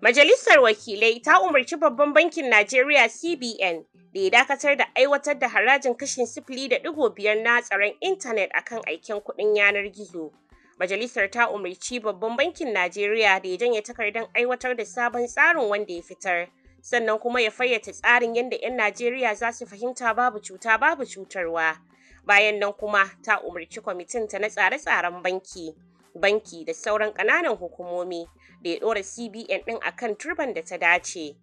Majalisar Wakilai ta umarci Babban Bankin Najeriya CBN da ya dakatar da aiwatar da harajin kashin sifili da ɗigo biyar na tsaron intanet a kan aikin kuɗin yanar gizo. Majalisar ta umarci Babban Bankin Najeriya da ya janye takardar aiwatar da sabon tsarin wanda ya fitar, sannan kuma ya fayyace tsarin yadda 'yan Najeriya za su fahimta babu cuta babu cutarwa. Bayan nan kuma ta umarci kwamitin ta na tsare-tsaren banki. banki da sauran ƙananan hukumomi da ya ɗora cbn ɗin akan turban da ta dace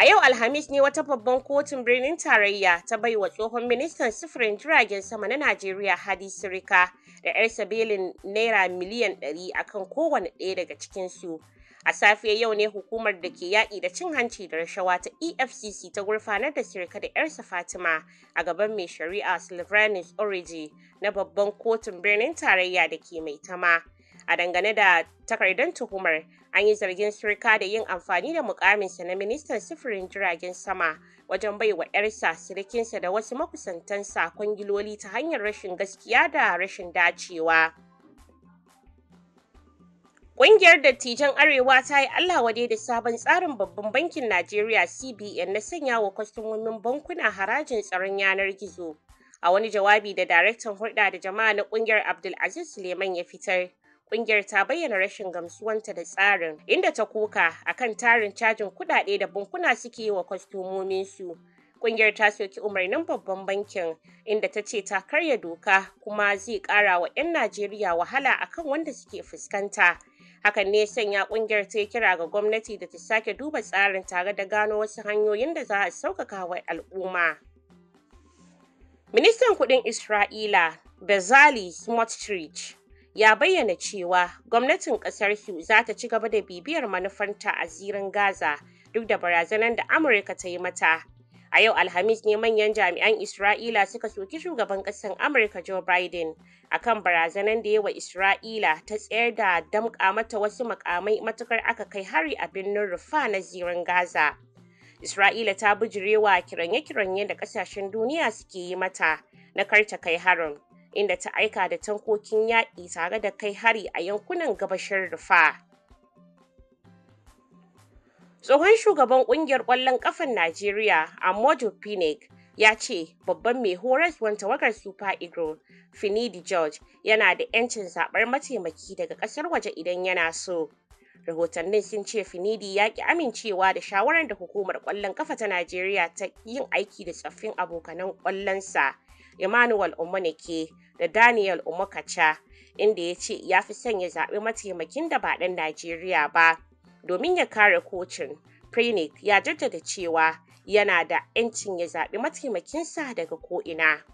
A yau Alhamis ne wata babban kotun birnin tarayya ta bai wa tsohon ministan sufurin jiragen sama na Najeriya Hadi Sirika da 'yarsa belin naira miliyan 100 akan kowane ɗaya daga cikinsu A safiyar yau ne hukumar da ke yaƙi da cin hanci da rashawa ta EFCC ta gurfanar da Sirika da 'yarsa Fatima a gaban mai shari'a Silvanus Origi na babban kotun birnin tarayya da ke mai tama A dangane da takardar tuhumar, an yi zargin Sirika da yin amfani da mukaminsa na ministan sufurin jiragen sama wajen bai wa 'yarsa sirikinsa da wasu makusantansa kwangiloli ta hanyar rashin gaskiya da rashin dacewa. Ƙungiyar dattijan Arewa ta yi Allah wade da sabon tsarin babban bankin Najeriya CBN na sanya wa kwastomomin bankuna harajin tsaron yanar gizo. A wani jawabi da daraktan hulɗa da jama'a na ƙungiyar Abdulaziz Suleiman ya fitar, ƙungiyar ta bayyana rashin gamsuwanta da tsarin, inda ta koka akan tarin cajin kuɗaɗe da bankuna suke yi wa kwastomomin su. Ƙungiyar ta soki umarnin babban bankin, inda ta ce ta karya doka kuma zai ƙara wa 'yan Najeriya wahala akan wanda suke fuskanta. hakan ne sanya kungiyar ta kira ga gwamnati da ta sake duba tsarin tare da gano wasu hanyoyin da za a sauƙaƙa wa al'umma ministan Kuɗin isra'ila bezali smotrich ya bayyana cewa gwamnatin ƙasar Hugh za ta ci gaba da bibiyar manufanta a zirin Gaza duk da barazanar da Amurka ta yi mata A yau Alhamis ne manyan jami'an Isra'ila suka soki shugaban ƙasar Amurka Joe Biden a kan barazanan da yawa Isra'ila ta tsayar da damƙa mata wasu makamai matukar aka kai hari a birnin Rufa na zirin Gaza. Isra'ila ta bijirewa kiranye-kiranye da ƙasashen duniya suke yi mata na karta kai harin, inda ta aika da tankokin yaƙi tare da kai hari a yankunan gabashin Rufa. Tsohon shugaban kungiyar ƙwallon ƙafan Najeriya, Armando Pinnick, ya ce babban mai horaswan tawagar Super igro Finidi George, yana da 'yancin zaɓar mataimaki daga ƙasar waje idan yana so. Rahotannin sun ce Finidi ya ki amincewa da shawarar da hukumar ƙwallon ƙafa ta Najeriya ta yin aiki da tsaffin abokanan Kwallonsa, Emmanuel Omoneke da Daniel Omokacha, inda ya ce ya fi sanya ya mataimakin da ba ɗan Najeriya ba. domin ya kare kocin. Pjanic ya jaddada cewa yana da ‘yancin ya zaɓi mataimakinsa daga ko'ina.